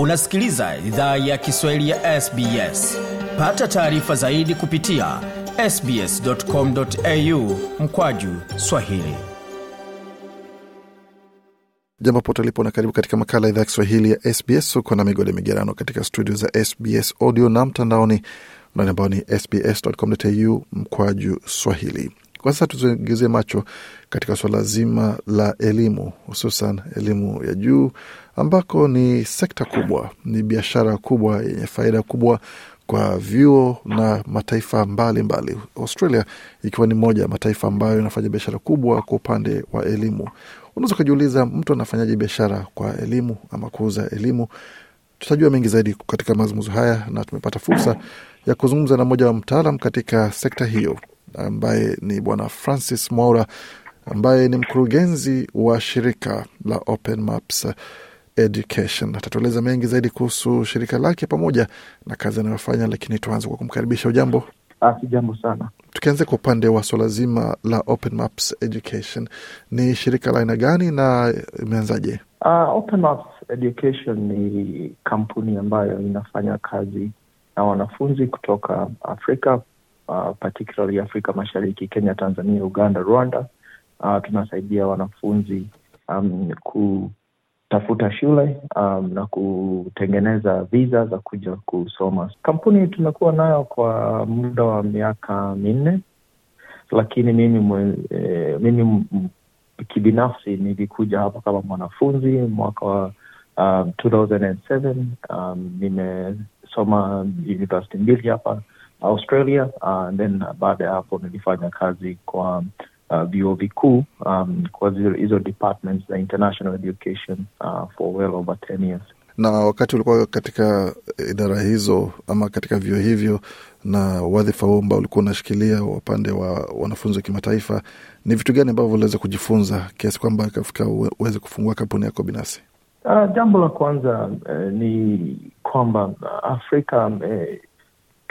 unasikiliza idhaa ya kiswahili ya sbs pata taarifa zaidi kupitia sbscomau mkwaju swahili jambo pote ulipo na karibu katika makala idhaa ya kiswahili ya sbs huko na migode migerano katika studio za sbs audio na mtandaoni nani ambao ni sbscomau mkwaju swahili kwa sasa tuziongezee macho katika suala zima la elimu, hususan elimu ya juu ambako ni sekta kubwa, ni biashara kubwa yenye faida kubwa kwa vyuo na mataifa mbalimbali mbali. Australia ikiwa ni moja ya mataifa ambayo inafanya biashara kubwa kwa upande wa elimu. Unaweza ukajiuliza mtu anafanyaje biashara kwa elimu ama kuuza elimu? Tutajua mengi zaidi katika mazungumzo haya, na tumepata fursa ya kuzungumza na mmoja wa mtaalam katika sekta hiyo ambaye ni Bwana Francis Mwaura ambaye ni mkurugenzi wa shirika la Open Maps Education. Atatueleza mengi zaidi kuhusu shirika lake pamoja na kazi anayofanya, lakini tuanze kwa kumkaribisha. Ujambo? Ah, si jambo sana. Tukianzia kwa upande wa swala zima la Open Maps Education, ni shirika la aina gani na imeanzaje? Uh, Education ni kampuni ambayo inafanya kazi na wanafunzi kutoka Afrika uh, particularly Afrika Mashariki, Kenya, Tanzania, Uganda, Rwanda. Uh, tunasaidia wanafunzi um, kutafuta shule um, na kutengeneza viza za kuja kusoma. Kampuni tumekuwa nayo kwa muda wa miaka minne, lakini mimi mwe, e, mimi kibinafsi nilikuja hapa kama mwanafunzi mwaka wa um, 2007 um, nimesoma university mbili hapa Australia. Uh, then uh, baada ya hapo nilifanya kazi kwa uh, vyuo vikuu um, kwa hizo departments za international education uh, for well over 10 years. Na wakati ulikuwa katika idara hizo ama katika vyuo hivyo na wadhifa huo ambao ulikuwa unashikilia upande wa wanafunzi wa kimataifa, ni vitu gani ambavyo uliweza kujifunza kiasi kwamba ikafika uweze kufungua kampuni yako binafsi? Uh, jambo la kwanza uh, ni kwamba Afrika uh,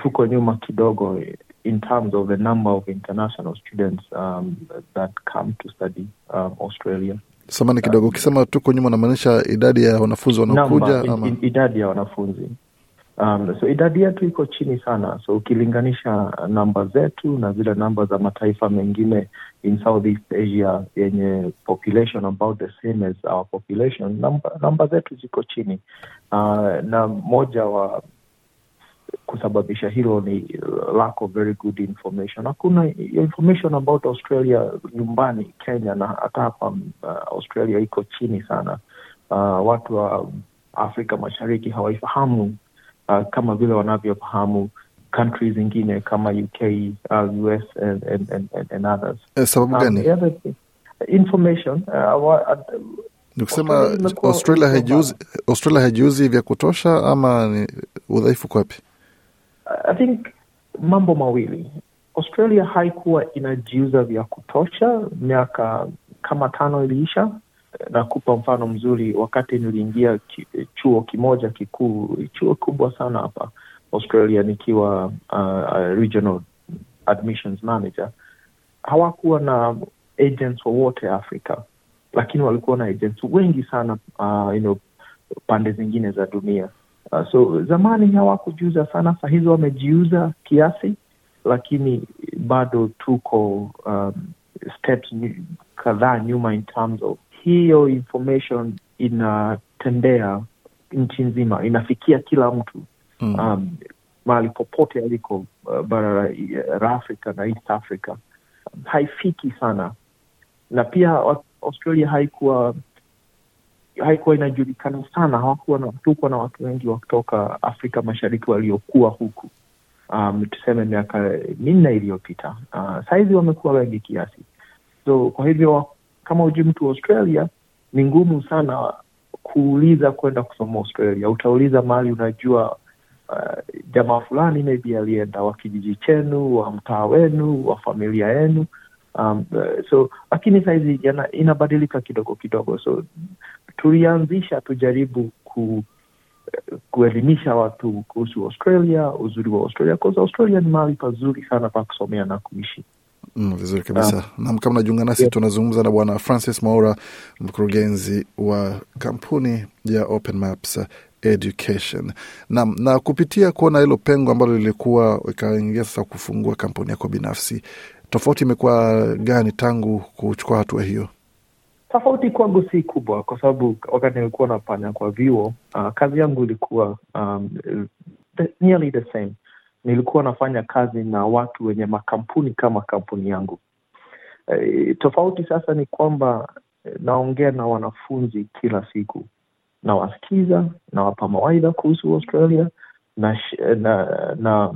tuko nyuma kidogo in terms of the number of international students um, that come to study um, Australia. Samani kidogo, ukisema tuko nyuma, namaanisha idadi ya wanafunzi wanaokuja ama idadi ya wanafunzi um, so idadi yetu iko chini sana, so ukilinganisha namba zetu na zile namba za mataifa mengine in Southeast Asia yenye population about the same as our population, namba, namba zetu ziko chini uh, na moja wa kusababisha hilo ni uh, lack of very good information. Hakuna information about Australia nyumbani Kenya, na hata hapa uh, Australia iko chini sana. Uh, watu wa Afrika Mashariki hawaifahamu uh, kama vile wanavyofahamu countries zingine kama UK, uh, US and, and, and, and others. Eh, sababu um, gani? Um, information uh, uh, ni kusema Australia haijiuzi vya kutosha ama ni udhaifu kwapi? I think mambo mawili, Australia haikuwa inajiuza vya kutosha miaka kama tano iliisha. na kupa mfano mzuri, wakati niliingia chuo kimoja kikuu, chuo kubwa sana hapa Australia, nikiwa uh, uh, regional admissions manager, hawakuwa na agents wowote Afrika, lakini walikuwa na agents wengi sana uh, you know, pande zingine za dunia Uh, so zamani hawakujiuza sana, saa hizo wamejiuza kiasi, lakini bado tuko um, steps kadhaa nyuma in terms of hiyo information inatembea nchi nzima, inafikia kila mtu mm. um, mahali popote aliko uh, bara la uh, Afrika na East Africa haifiki sana, na pia Australia haikuwa haikuwa inajulikana sana, hawakuwa na hatukuwa na watu wengi wa kutoka Afrika Mashariki waliokuwa huku, um, tuseme miaka minne iliyopita. Uh, sahizi wamekuwa wengi kiasi, so kwa hivyo kama uji mtu wa Australia ni ngumu sana kuuliza kwenda kusoma Australia. Utauliza mahali unajua uh, jamaa fulani maybe alienda wa kijiji chenu wa mtaa wenu wa familia yenu. Um, uh, so lakini saizi inabadilika kidogo kidogo, so tulianzisha tujaribu ku, kuelimisha watu kuhusu Australia, uzuri wa Australia. Australia ni mahali pazuri sana pa kusomea na kuishi. Mm, vizuri kabisa ah. nam. Kama najiunga nasi yeah, tunazungumza na Bwana Francis Maura, mkurugenzi wa kampuni ya Open Maps Education nam, na kupitia kuona hilo pengo ambalo lilikuwa ikaingia sasa kufungua kampuni yako binafsi, tofauti imekuwa gani tangu kuchukua hatua hiyo? Tofauti kwangu si kubwa, kwa sababu wakati nilikuwa nafanya kwa vyuo uh, kazi yangu ilikuwa um, the, nearly the same. Nilikuwa nafanya kazi na watu wenye makampuni kama kampuni yangu. e, tofauti sasa ni kwamba eh, naongea na wanafunzi kila siku, nawasikiza, nawapa mawaidha kuhusu Australia na, na, na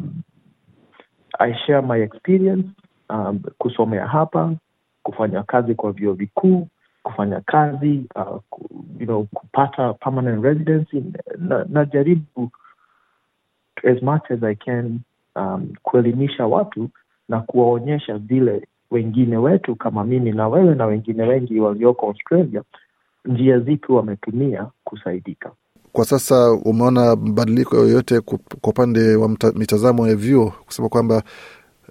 I share my experience um, kusomea hapa, kufanya kazi kwa vyuo vikuu kufanya kazi uh, ku, you know, kupata permanent residency na, as much as I can um, kuelimisha watu na kuwaonyesha vile wengine wetu kama mimi na wewe na wengine wengi walioko Australia njia zipi wametumia kusaidika. Kwa sasa umeona mabadiliko yoyote kwa upande wa mitazamo ya vyuo kusema kwamba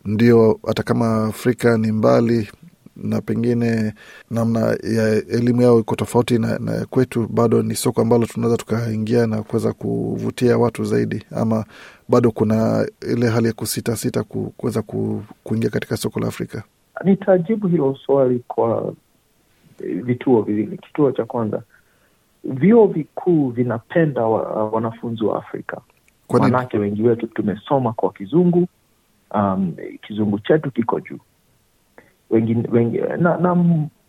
ndio hata kama Afrika ni mbali na pengine namna ya elimu yao iko tofauti na, na kwetu, bado ni soko ambalo tunaweza tukaingia na kuweza kuvutia watu zaidi, ama bado kuna ile hali ya kusitasita kuweza kuingia katika soko la Afrika? Nitajibu hilo swali kwa vituo viwili. Kituo cha kwanza, vyuo vikuu vinapenda wa, wanafunzi wa Afrika, manake wengi wetu tumesoma kwa Kizungu. Um, Kizungu chetu kiko juu wengi, wengi, na, na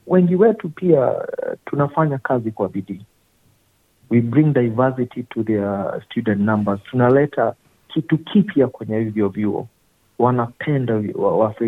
wengi wetu pia eh, tunafanya kazi kwa bidii. We bring diversity to their student numbers. Tunaleta kitu kipya kwenye hivyo vyuo, wanapenda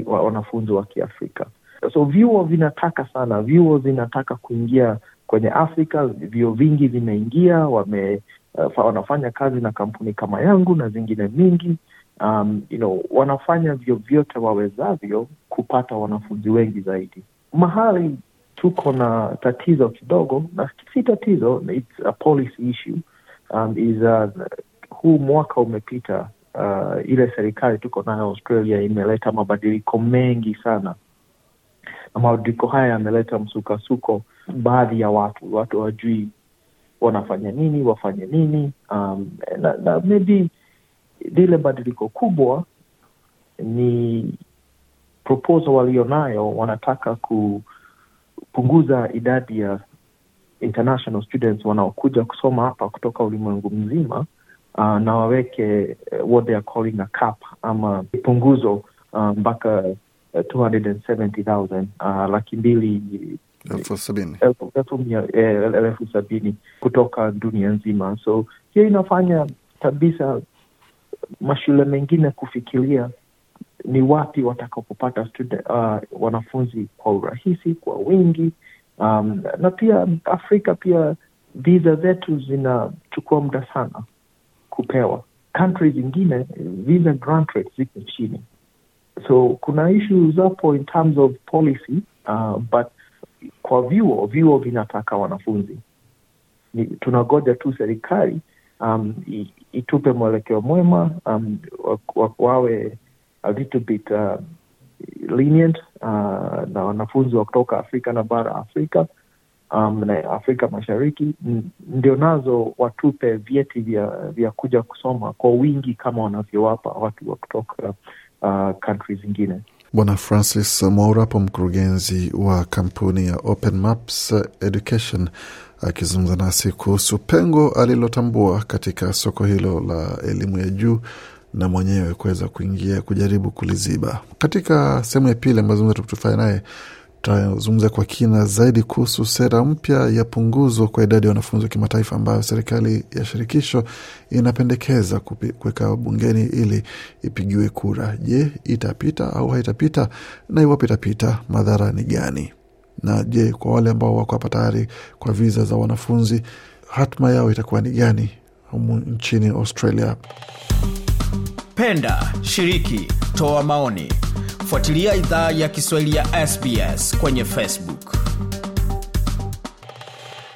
wanafunzi wa Kiafrika. So vyuo vinataka sana, vyuo zinataka kuingia kwenye Afrika. Vyuo vingi vimeingia, wame, uh, wanafanya kazi na kampuni kama yangu na zingine mingi um, you know, wanafanya vyovyote wawezavyo kupata wanafunzi wengi zaidi. Mahali tuko na tatizo kidogo, na si tatizo, it's a policy issue um, is a, uh, huu mwaka umepita uh, ile serikali tuko nayo Australia imeleta mabadiliko mengi sana na mabadiliko haya yameleta msukasuko. Baadhi ya watu watu wajui wanafanya nini, wafanye nini um, na, na maybe lile badiliko kubwa ni proposal walionayo, wanataka kupunguza idadi ya international students wanaokuja kusoma hapa kutoka ulimwengu mzima uh, na waweke uh, what they are calling a cap ama punguzo uh, mpaka um, uh, 270,000 uh, laki mbili eh, elfu sabini kutoka dunia nzima. So hiyo inafanya kabisa mashule mengine kufikiria ni wapi watakapopata uh, wanafunzi kwa urahisi kwa wingi um, na pia Afrika pia viza zetu zinachukua muda sana kupewa. kantri zingine visa grant rate ziko chini, so kuna ishu zapo in terms of policy uh, but kwa vyuo vyuo vinataka wanafunzi tunagoja tu serikali um, itupe mwelekeo mwema um, wawe a little bit uh, lenient uh, na wanafunzi wa kutoka Afrika na bara ya Afrika um, na Afrika Mashariki, ndio nazo watupe vyeti vya, vya kuja kusoma kwa wingi kama wanavyowapa watu wa kutoka uh, zingine. Bwana Francis Mwaurapo, mkurugenzi wa kampuni ya Open Maps Education akizungumza nasi kuhusu pengo alilotambua katika soko hilo la elimu ya juu na mwenyewe kuweza kuingia kujaribu kuliziba. Katika sehemu ya pili ambayo tutafanya naye tutazungumza kwa kina zaidi kuhusu sera mpya ya punguzo kwa idadi ya wanafunzi wa kimataifa ambayo serikali ya shirikisho inapendekeza kuweka bungeni ili ipigiwe kura. Je, itapita au haitapita? Na iwapo itapita, madhara ni gani? na je, kwa wale ambao wako hapa tayari kwa viza za wanafunzi, hatma yao itakuwa ni gani humu nchini Australia? Penda, shiriki, toa maoni, fuatilia idhaa ya Kiswahili ya SBS kwenye Facebook.